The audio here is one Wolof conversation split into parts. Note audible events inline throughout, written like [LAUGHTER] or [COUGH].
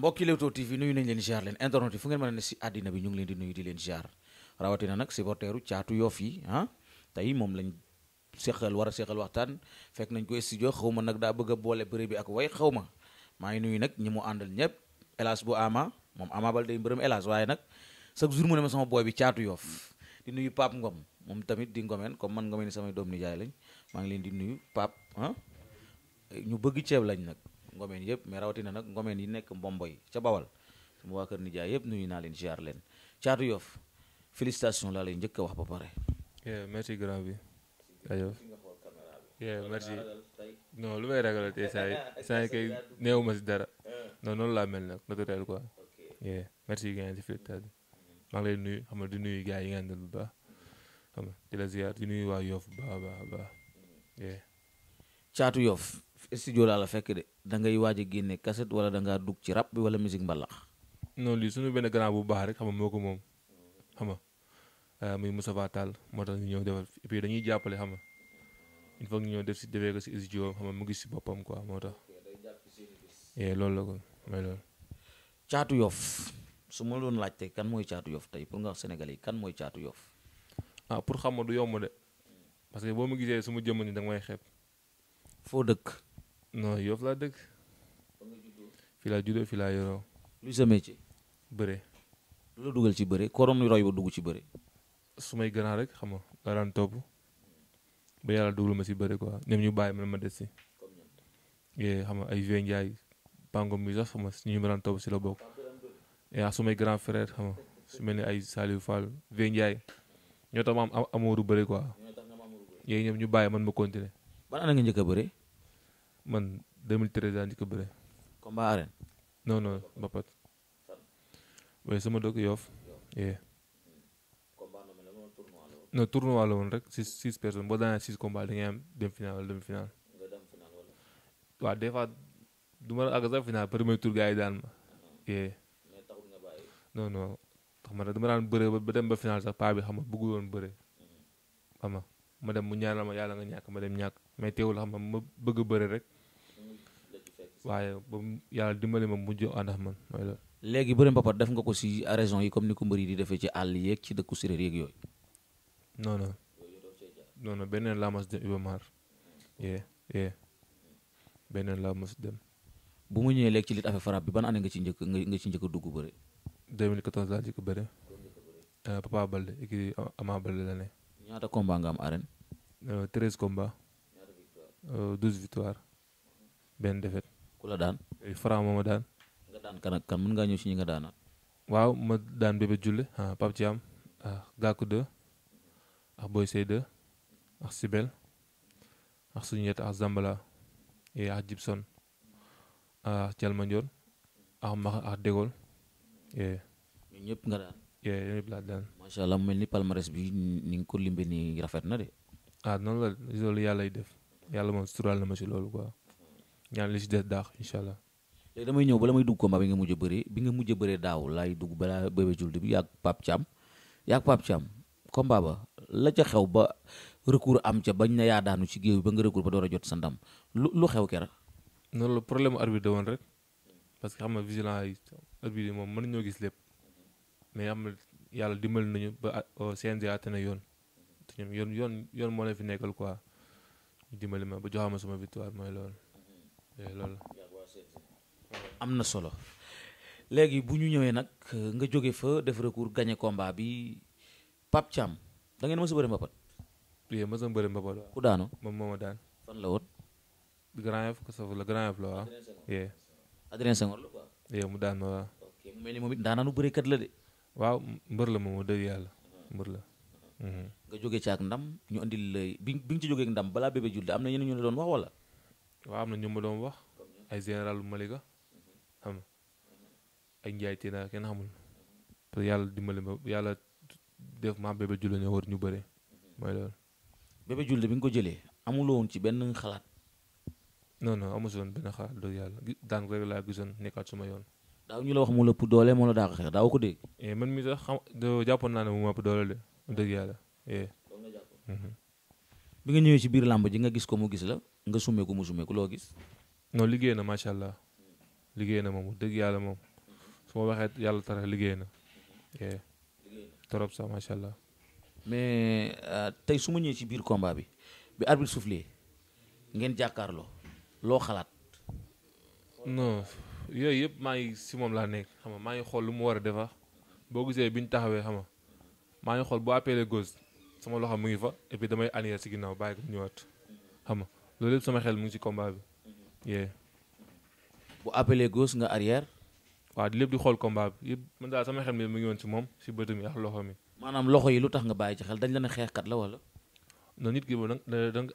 mbokki Leewtoo TV nuyu nañ leen ziar leen internet yi fu ngeen mën a ne si àddina bi ñu ngi leen di nuyu di leen ziar rawatina nag supporteru caatu yoof yi ah. tey moom lañ seqal war a seqal waxtaan fekk nañ ko studio xaw ma nag daa bëgg a boole bëre bi ak woy xaw ma maa ngi nuyu nag ñi mu àndal ñëpp hélas bu ama moom ama bal day mbërëm hélas waaye nag chaque jour mu ne ma sama boy bi caatu yoof di nuyu Pape Ngom moom tamit di ngomeen comme man ngomeen ni samay doom nijaay lañ maa ngi leen di nuyu Pape ah bëgg ceeb lañ nag ngomeen yëpp mais rawatina nag ngomeen yi nekk mbomboy ca bawal sama waa kër nijaay yëpp nuyu naa leen ziar leen caatu yof félicitation laa lay njëkk a wax ba pare. merci grand bi. may ragal tey saa [LAUGHS] ma si dara ah. non noonu laa mel nag naturel quoi merci gars si félicitation mm-hmm. maa ngi lay nuyu xam nga di nuyu gars yi nga àndal bu baax xam nga di nuyu waa Yof baax a baax a baax. Mm-hmm. caatu Yof studio laa la fekk de da ngay waaj a génne cassette wala da ngaa dugg ci rap bi wala musique mbalax. non lii suñu benn grand bu baax rek xam moo ko moom xam nga euh, muy Moustapha Tall moo tax ñu ñëw defal et dañuy jàppale xam nga il faut ñu def si defee si studio xam nga mu gis si boppam quoi moo tax. loolu la ko mooy loolu. Caatu Yoff su ma doon laaj tey kan mooy Caatu Yoff tey pour nga wax senegal yi kan mooy Caatu Yoff. ah pour xam ma du yomb de parce que boo ma gisee su ma jëmm ni da nga may xeeb. foo dëkk. non Yoff laa dëkk. fi laa juddoo fi laa yoroo. lu sa métier. bëre. lu la dugal ci bëre korom roy ba dugg ci bëre. su may gënaa rek xam nga laa daan topp ba yàlla dugal ma si bëre quoi ñoom ñu bàyyi ma ma des si. Eh, xam nga ay vieux Ndiaye Pango mi sax xam nga ñu ma daan si la bokk. yaa eh, su may grand frère xam nga su mel ay Saliou Fall vieux Ndiaye ñoo tax ma am amooru bëre quoi. yéen eh, ñoom ñu bàyyi man ma continuer. ban année nga njëkk a bëre. man 2013 laa njëkk a bëre. combat arène. non non waaye sama dëkk Yoff. yee. non rek six six personnes boo daanee six combat da ngay am dem final wala demi final. daan bëre ba dem ba final sax paa xam nga bëggul woon bëre. Mm. xam ma dem mu ñaanal ma yàlla nga ñàkk ma dem ñàkk mais teewul xam ma bëgg bëre rek. waaye ba yàlla dimbali ma mujj ànd ak man mooy loolu. léegi bëri mbapat def nga ko si régions yi comme ni ko mbër di defee ci àll yeeg ci dëkku séréer yeeg yooyu. non laa mas dem bu mu ñëwee léegi ci lit affaire bi ban année nga ci njëkk nga ci njëkk dugg bëre. 2014 laa njëkk bëre. Euh, papa Balde kii Ama Balde la ñaata combat nga am arène. 13 euh, combats. 12 euh, victoires benn défaite. ku la daan. Eh, Franc moo ma daan. nga mën ngaa ñëw si ñi nga daana waaw ma daan Bébé Julle ah Pape Thiam ah ak ah, Boy Sey 2 ak ah, Sibel ak suñu yet ak Zambala ak ah, Gibson ak Thialma ak Max ak Dégol. ñun ñëpp nga daan. yooyu yëpp laa daan. macha mel ni palmarès bi ni nga ko limbe nii rafet na de. ah noonu la loolu yàlla lay def yàlla moom suturaal na ma si loolu ñaan la si des daax incha allah. léegi damay ñëw bala may dugg combat bi nga mujj a bëree bi nga mujj a bëree daaw laay dugg balaa Bébé Diouldé bi yàgg Pape Thiam yàgg Pape Thiam combat ba la ca xew ba recours am ca bañ na yaa daanu ci géew ba nga recours ba door a jot sa ndam lu lu xew kera noonu la problème arbitre da woon rek parce que xam nga vigilant yi arbitre yi moom mën nañoo gis lépp mais am na yàlla dimbali nañu ba CNG àtte yoon ñoom yoon yoon yoon moo la fi nekkal quoi dimbali ma ba joxama sama victoire mooy loolu. Eh, loolu am na solo léegi bu ñu ñëwee nag nga jóge fa def recours gagné komba bi Pape cam da ngeen mës a bëri mbapat. oui mës a bëri mbapat ku daanu moom daan. fan la woon. Grand Yoff ko saf la Grand mu daan mu ni moom it daanaanu bëreekat la de. waaw mbër la moom dëgg yàlla mbër la. nga jóge ci ak ndam ñu andil bi bi nga ci jógee ndam balaa bébé julde am na ñeneen ñu la doon wax wala. waa am na ñu ma doon wax ay général Malika mhm. xam nga ay njaay Téna kenn xamul parce que yàlla dimbali ma yàlla def ma bébé Diouldé ñoo war ñu bëre mhm. mooy loolu. nga ko jëlee amuloo woon ci benn xalaat. non non amu si woon benn xalaat loolu yàlla daan rek laa gisoon nekkaat suma yoon. daaw ñu la wax mu la ëpp doole moo la daa xeex daaw ko dégg. Eh, man mi sax xam jàppoon naa ne mu ma ëpp doole de dëgg yàlla. Eh. bi nga ñëwee ci biir làmb ji nga gis ko mu gis la nga sumee ko mu sumee ko loo gis. non liggéey na macha allah liggéey na moom dëgg yàlla moom su waxee yàlla tara liggéey na. Eh, trop sax macha allah. mais euh, tey su ma ñëwee ci biir combat bi bi arbitre soufflé ngeen jàkkaarloo loo xalaat. non yooyu yëpp maa ngi si moom laa nekk xam nga maa ngi xool lu mu war a defar boo gisee bi ñu taxawee xam nga maa ngi xool bu appelé gauche sama loxo mu ngi fa et damay annulé si ginnaaw bàyyi ko ñëwaat xam nga loolu yëpp sama xel mu ngi si combat bi. bu appelé gauche nga arrière. waaw lépp di xool combat bi yëpp man daal sama xel mu ngi woon si moom si bët mi ak loxo mi. maanaam loxo yi lu tax nga bàyyi ci xel dañ la ne xeexkat la wala. non nit ki boobu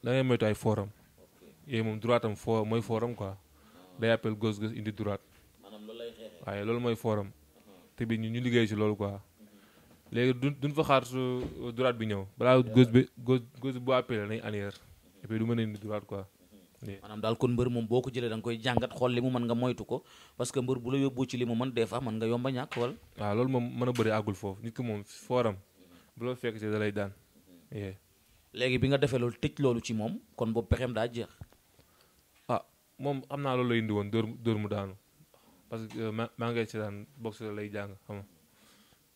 da moytu ay forum. yooyu moom droite am foo mooy forum quoi ah. day appel gos gos indi droite. waaye loolu mooy forum. Uh-huh. te bi ñu ñu liggéey si loolu quoi. léegi du duñ fa xaar su euh, droite bi ñëw balaa gauche bi gos bu appelé nañ arrière et puis du mën a indi droite quoi mm-hmm. maanaam daal kon mbër moom boo ko jëlee danga koy jàngat xool li mu mën nga moytu ko parce que mbër bu la yóbbu ci li mu mën des fois mën nga yomba ñàkk wala waaw loolu moom mën a bëri àggul foofu nit ki moom fooram bu la fekk ci da lay daan mm-hmm. léegi bi nga defee loolu tëj loolu ci moom kon boobu pexeem daa jeex ah moom xam naa loolu lay indi woon dóor dóor mu daanu parce que euh, maa ngay seetaan boxe lay jàng xam nga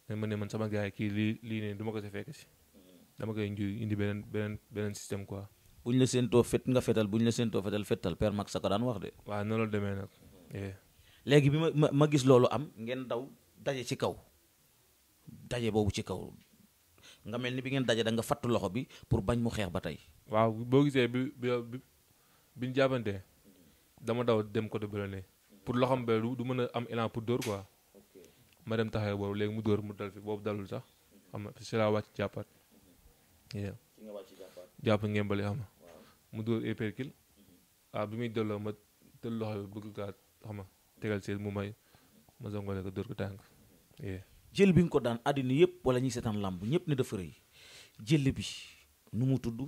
mais man ne man sama gars yi kii lii lii ne du ma ko si fekk si dama koy njuy indi beneen beneen beneen système quoi. bu ñu la séentoo fet nga fetal bu ñu la séentoo fetal fetal père Max sa ko daan wax de. waa noonu la demee nag. Eh. léegi bi ma ma gis loolu am ngeen daw daje ci kaw daje boobu ci kaw nga mel ni bi ngeen daje da nga fattu loxo bi pour bañ mu xeex ba tey. waaw boo gisee bi bi bi ñu jàppante dama daw dem côté bële pour loxom bële du mën a am élan pour dóor quoi. ma dem taxawee boobu léegi mu dóor mu dal fi boobu dalul sax xam nga si laa wàcc jàppaat jàpp ngembali xam nga mu dóor épercule mm-hmm. ah bi muy delloo ma tël loxo bi bëgg kaa xam nga tegal seen mu may ma zongole ko dóor ko tànk jël bi nga ko daan àddina yëpp wala ñuy seetaan làmb ñëpp ne dafa rëy jël bi nu mu tudd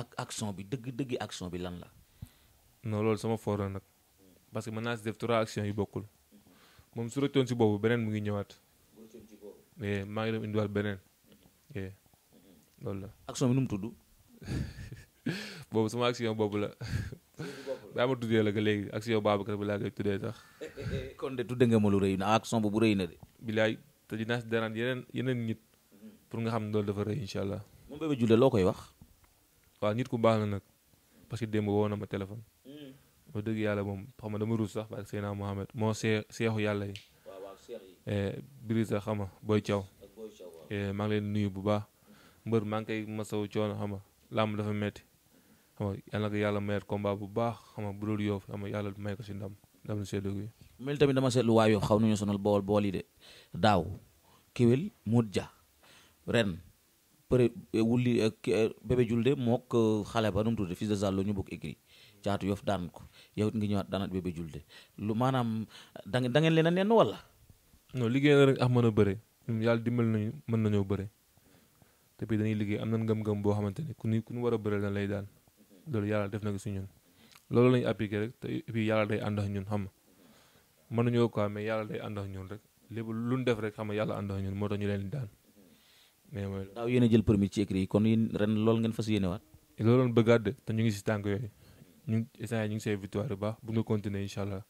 ak action bi dëgg dëgg action bi lan la non loolu sama foor la nag parce que mën naa si def trois actions yu bokkul moom su rëccoon si boobu beneen mu ngi ñëwaat. Eh, maa ngi dem indiwaat beneen. Eh, loolu la. action bi nu mu tudd. [LAUGHS] boobu sama action boobu la. daa ma tuddee la que léegi action Babacar bi laa koy tuddee sax. kon de tudde nga ma lu rëy na action bu rëy na de. bilaay te dinaa si daraan yeneen yeneen nit. pour nga xam ne loolu dafa rëy incha allah. moom Bébé Diouldé loo koy wax. waaw nit ku baax la nag. parce que démb woo na ma téléphone. ba dëgg yàlla moom xam dama ruus sax barke Seydina Mohamed moo seexu yàlla yi. Eh, Birisa xam nga Boy Thiaw. Eh, maa ngi leen nuyu bu baax. mbër maa ngi koy masawu coono xam nga làmb dafa metti xam nga yàlla mayat combat bu baax xam nga bu dul yoof xam nga yàlla may ko si ndam ndam lu seddoo gi. mel tamit dama seetlu waa yoof xaw nañu sonal bool bool yi de daaw Kewel Modou Dia ren pare eh, wulli Bébé Julde mook xale ba nu mu tudd fils de Zallo ñu bokk écrit caatu yof daan ko yow it nga ñëwaat daanat bébé julde lu maanaam da da ngeen leen a nenn wala. non liggéey na rek ax mën a bëre ñun yàlla dimbal nañu mën nañoo bëre te bi liggéey am na ngëm-ngëm boo xamante ne ku ñu ku ñu war a bëre la lay daan loolu yàlla def na ko si ñun loolu la ñu rek te puis yàlla day xam nga mënuñoo quoi mais yàlla day ànd ak rek lépp lu ñu def rek xam nga yàlla ànd ak ñun moo tax ñu leen di daal mais mooy. daaw jël permis ci yi kon yéen ren loolu ngeen fas yéenewaat. loolu doon bëggaat de te ñu ngi si tànk yooyu ñu instant ñu ngi say victoire bu baax bu nga continuer incha allah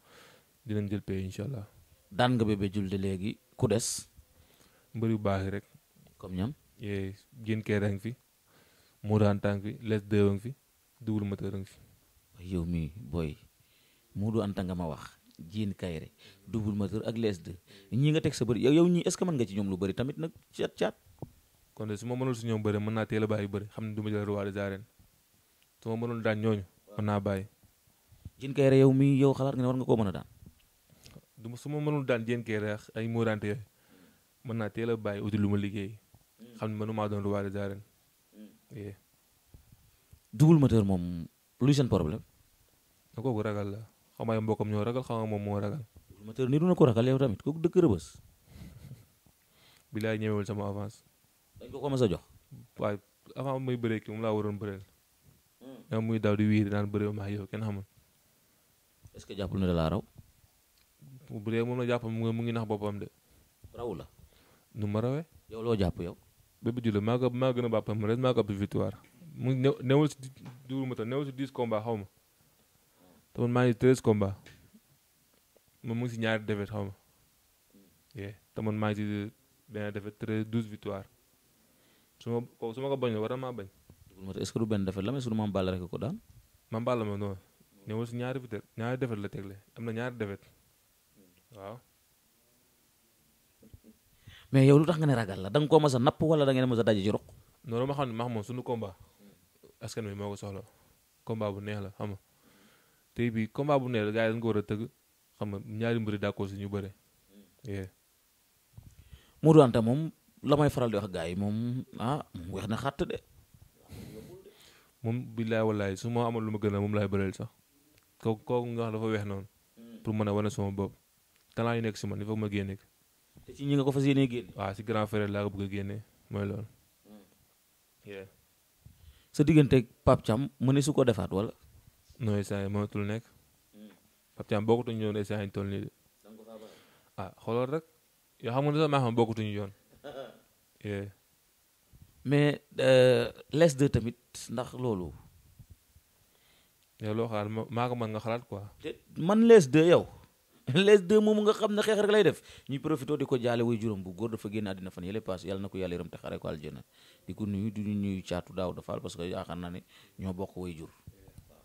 dinañ jël pay incha daan nga Bébé Diouldé léegi ku des. mbër yu baax yi rek. comme ñam yee eh, génn kër a ngi fi. Mourane tànk les deux a fi. double moteur a ngi fi. yow mii booy Moodu Anta nga ma wax. Diène Kairé double moteur ak les deux ñii nga teg sa bëri yow ñii est-ce que mën nga ci ñoom lu bëri tamit nag caat caat. kon de su ma mënul si ñoom bëri mën naa teela a bàyyi bëri xam ne du ma jël roi des su ma mënul daan ñooñu mën naa bàyyi. Diène Kaïré yow mii yow xalaat nga nga koo a daan. du su ma mënul daan Diène Kaïré ay moorante yooyu mën naa teel a bàyyi uti lu ma liggéey xam ne mënumaa doon roi des arènes. Double Moteur moom luy seen problème. na kooku ragal la xam ay mbokkam ñoo ragal xam moom moo ragal. Double Moteur nii du na ko ragal yow tamit kooku dëkk rëbës. bilaay ñëwewul sama avance. dañ ko ko a jox. waaye avant may bëree moom laa waroon bëreel. nga muy daw di wiiri naan bëre ma yow kenn xamul. est-ce que jàppul na da laa raw. bu dee jàpp mu mu ngi nax boppam de. raw la. nu ma rawee. yow loo jàpp yow. Bébé Diouldé maa ko maa gën a bàppam rek maa ko ëpp victoire mu ne newul si duuru ma tam newul si dix combats xaw ma te man maa ngi treize combats moom mu si ñaari défaite xaw ma te man maa ngi si benn victoire su ma ko su ma ko bañ la war na maa bañ. est ce que du benn defet la mais ko daan. maam Balla ma non néewal si ñaari defet ñaari defet la tegle am na ñaari defet waaw. mais yow lu tax nga ne ragal la da koo ma a napp wala danga ngeen mos a daje ci ruq. noonu ma xam ne max bu neex la xam nga tey bii combat bu neex la gars yi dañ ko a ñaari mbir d'accord suñu bëre. Modou Anta moom la faral di wax gars yi moom ah, weex na xàtt de. moom billaay wallaay su ma amoon lu ma gën a moom laay bëreel sax kooku kooku nga xam dafa weex noonu. Hmm. pour mën a wane sama bopp. talent yi nekk si man il faut ma génne ko. te ci ñi nga ko fas yéenee génn. waaw si grand frère laa ko bëgg a génne mooy loolu. Hmm. sa digganteeg Pape Thiam mu ne su ko defaat wala. non saa yi mënatul nekk. Hmm. Pape Thiam bokkutuñu yoon saa yi ñu toll nii de. ah xoolal rek yoo xam nga ne sax maa xam bokkutuñu yoon. [LAUGHS] mais euh, less de tamit ndax loolu. yow loo xalaat maa ko mën nga xalaat quoi. man les deux yow [LAUGHS] les deux moom nga xam ne xeex rek lay def ñuy profité di ko jaale way juróom bu góor dafa génn àddina fan yële paas yàlla na ko yàlla yërëm te xare ko aljana di ko nuyu di nuyu caatu daaw parce que yaakaar naa ne ñoo bokk way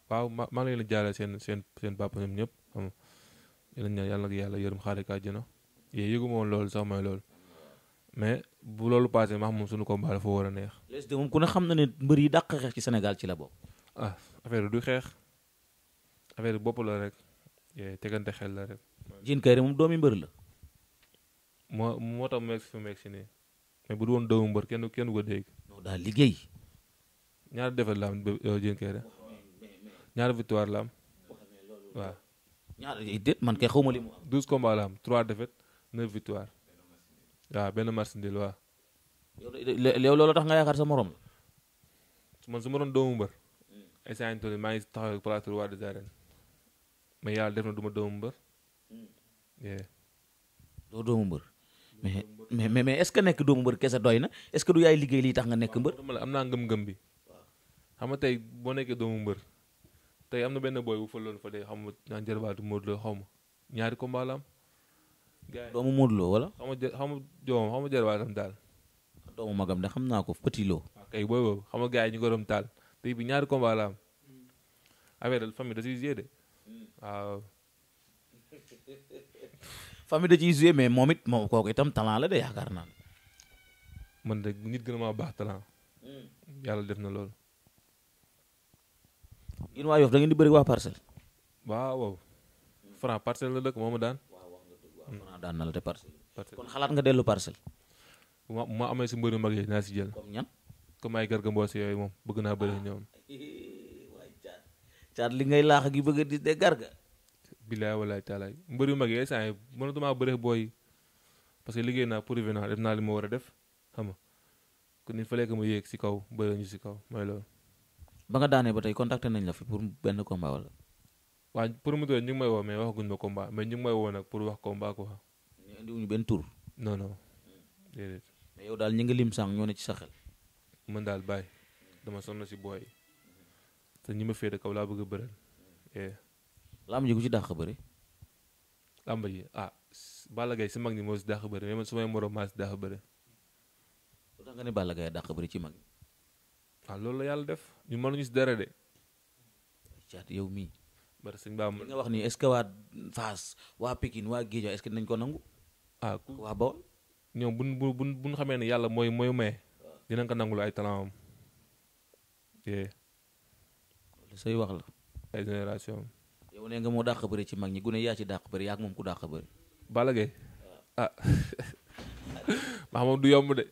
waaw ma maa ngi leen di seen seen seen papa ñëpp xam nga yàlla na yàlla yërëm xare ko aljana yéen yëgu ma loolu sax mooy loolu. mais bu loolu passé ma xam moom suñu combat dafa war a neex. Less 2 moom ku ne xam na ne mbër yi dàq xeex ci Sénégal ci la bokk. ah affaire du xeex affaire bopp la rek tegante xel la rek. Diène Kaïré moom doomi mbër la. moo moo tax bu du woon doomu mbër kenn kenn ko dégg. non daal liggéey. ñaar defet la am Diène euh, Kaïré ñaar victoire la am waaw. ñaar déet man kay xawma li mu am. douze combats la am trois défaites neuf victoires. waaw ah, benn match nul waaw. yow loolu tax nga yaakaar sa morom. man su ma doon doomu mbër. instant yii maa ngi taxaw plateau roi des arènes mais yàlla def na du hmm. doomu mbër. mais mais mais est ce nekk doomu mbër kese doy na est ce que du yaay liggéey lii tax nga nekk mbër. am naa ngëm-ngëm bi. xam nga tey boo nekkee doomu mbër. tey am na benn booy bu fëloon fa de xam nga naan jërbaatu Modou xaw ma ñaari combat la doomu Modou Lo wala. xamu joom xamu jërëwaatam daal. doomu magam de xam naa ko Petit Lo. waaw ah, kay booy nga gars taal te bi ñaari combat la am. Hmm. affaire famille da ciy joué de hmm. waaw. [LAUGHS] da ciy joué mais moom it moom kooku itam talent la de yaakaar naa. man de nit gën a maa baax talent. Hmm. yàlla def na loolu. yéen waa Yoff da di bëri waa parcelle. waaw waaw. Franc parcelle la dëkk moomu daan. daan na la te parcelle. kon xalaat nga dellu parcelle. ma ma amee si mbëri mag yi naa si jël. comme ñan. ay garga mboos yooyu moom bëgg naa bëri ñoom. Ah, caat li ngay laax gi bëgg a dis de garga. bilaay walaay taalaay mbër yu mag yi saa yi mënatumaa bëre booy parce que liggéey naa prouvé naa def naa li ma war a def xam ma yéeg si kaw bëre si kaw mooy loolu. ba nga daanee ba tey contacté la fi pour benn combat may ñu may woo nag pour wax combat quoi. indiwuñu benn tur. non non yow daal ñi nga lim sànq ñoo ne ci sa xel. man daal bàyyi dama sonn si booy te ñi ma féete kaw laa bëgg a bëreel. Eh. làmb ci dàq bëri. làmb ji ah Balla Gaye si mag ñi moo si dàq bëri mais man sumay maa si dàq bëri. ci mag ah, loolu la yàlla def ñu mënuñu si dara de. caat yow mii. bari sëñ Ba nga wax nii est-ce que waa Fass waa Pikine waa Guédiawaye est-ce que nañ ko nangu. Ah, ah, waa ah waa Bawol ñoom buñ bu bu buñ xamee ne yàlla mooy mooy maye dinañ ko nangul ay talent am wax la génération yow ne nga moo dàq bëri ci mag ñi gune yaa ci dàq bëri yaa ak moom ku dàq bëri balage Gaye ah, ah. [LAUGHS] maa moom du yomb de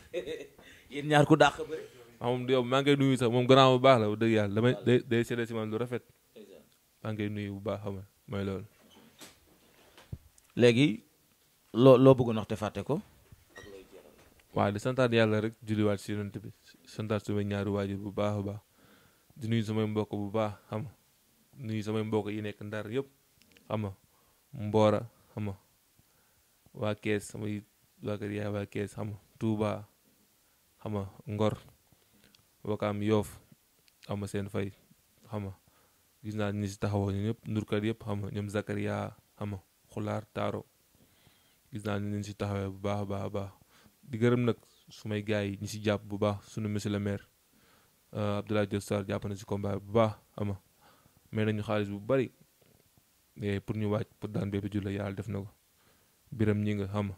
[LAUGHS] ñaar ku dàq bëri maa moom du yomb nuyu sax moom grand bu baax la bu dëgg yàlla damay day day seede si man lu rafet maa ngi nuyu bu baax xam nga mooy loolu léegi loo loo bëgg ndax te fàtte ko. waaw di santaat yàlla rek julliwaat si yonent bi santaat sumay ñaari waajur bu baax a baax di nuyu samay mbokk bu baax xam nga nuyu samay mbokk yi nekk ndar yépp xam nga mboora xam nga waa kees samay waa kër yaay waa kees xam nga tuuba xam nga ngor wakaam yoof xam nga seen fay xam nga gis naa ñi si taxawoo ñëpp ndurkat yëpp xam nga ñoom Zakaria xam nga xulaar taaro gis naa ni nañ si taxawee bu baax a baax a baax di gërëm nag su may gars yi ñi si jàpp bu baax sunu monsieur le maire euh, Abdoulaye Diop Sarr jàpp na si combat bu baax ama may nañu xaalis bu bari pour ñu waaj pour daan Bébé Diouldé yàlla def na ko biram ñi nga xam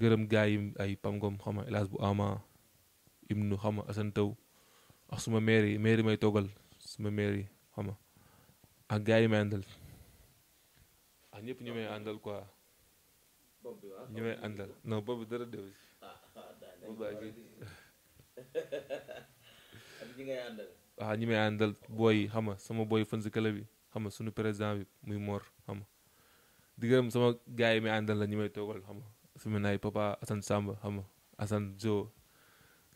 gërëm gars yi ay pamgom xama hélas bu ama ibnu xama asantaw ak suma maire yi maire yi may toggal suma maire yi xama ak gars yi may àndal ak ñëpp ñu may àndal quoi ñu may àndal non boobu dara dew si waaw ñi may àndal booy xam nga sama booy fan si bi xam nga sunu président bi muy Mor xam nga di sama gars yi may àndal la ñi may toogal xam nga su ma naay papa asan Samba xam nga Assane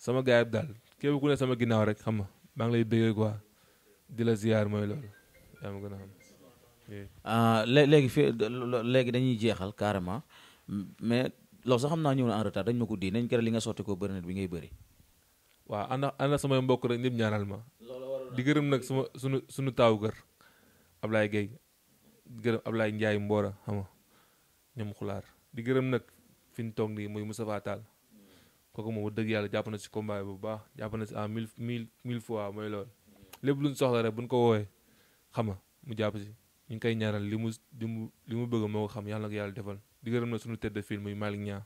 sama gars yi daal képp ku ne sama ginnaaw rek xam nga maa ngi lay déggee quoi di la ziar mooy loolu yaa ma gën a xam ah, léegi fi léegi dañuy jeexal carrément mais loolu sax xam naa ñëw na en retard dañ ma ko di nañ kere li nga sotti ko bëri bi ngay bëri waaw ànd ànd samay mbokk rek ñëpp ñaanal ma di gërëm nag suma sunu suñu taaw kër Ablaye Gueye di gërëm Ablaye Ndiaye Mbora xam nga ñoom xulaar di gërëm nag fi ñu toog nii muy Moustapha Tall kooku moom dëgg yàlla jàpp na si combat bu baax jàpp na si en mille mille mille fois mooy loolu lépp lu soxla rek buñ ko woowee xam nga mu jàpp si ñu ngi koy ñaanal li mu li mu li mu bëgg moo xam yàlla na yàlla defal di gërëm na suñu tête de film muy Malick Niang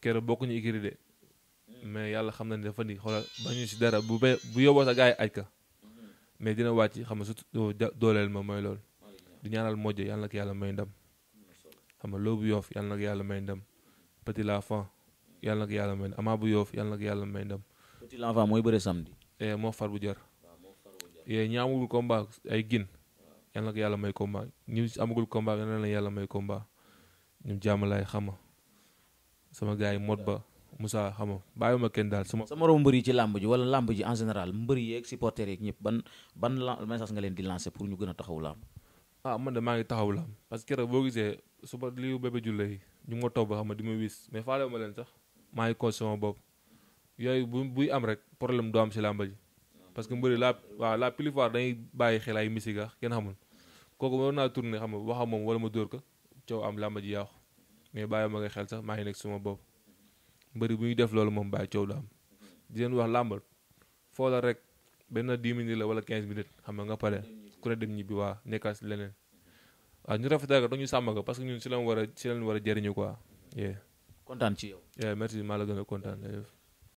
keroog bokkuñu écurie de hmm. mais yàlla xam na ne dafa ni xoolal bañu si dara bu ba bu yóbboo sa gars yi aj ka hmm. mais dina wàcc xam nga surtout dooleel ma mooy lool di ñaanal mojj yàlla na may ndam xam nga loo bu yoof yàlla na yàlla may ndam petit l'enfant yàlla yàlla may ndam amaa bu yoof yàlla na yàlla may ndam. petit l'enfant mooy bëre samedi. Eh, moo far bu jar. moo far bu jar eh, ñaamul ay gin. yal na ko yàlla may combat ñu amagul combat yal na la yàlla may combat ñu jàmmalaay xama sama gaa yi mot ba Moussa xama bàyyi ma kenn daal sama. sa moroom mbër yi ci làmb ji wala làmb ji en général mbër yi ak supporters yeeg ñëpp ban ban message nga leen di lancer pour ñu gën a taxaw laam ah man de maa ngi taxaw làmb parce que keroog boo gisee suba liu bébé julle yi ñu ma toog ba xam di ma wis mais faale ma leen sax maa ngi conscient sama bopp yooyu bu buy am rek problème du am si làmb ji parce que mbëri laa waaw la plupart dañuy bàyyi xelaay ay misiga kenn kooku war naa tourné xam nga wax ak moom wala ma dóor ko coow am làmba ji yaaxu mais bàyyi ma nga xel sax maa ngi nekk suma bopp mbëri bu ñuy def loolu moom bàyyi coow du am di leen wax làmbal foo rek benn 10 minutes la wala quinze minutes xam nga nga pare ku ne dem waa nekkaat si leneen waaw ñu rafetal ko dañu sàmm parce que ñun si lañ war a si lañ war a jëriñu quoi. kontaan ci yow. merci maa la gën a kontaan.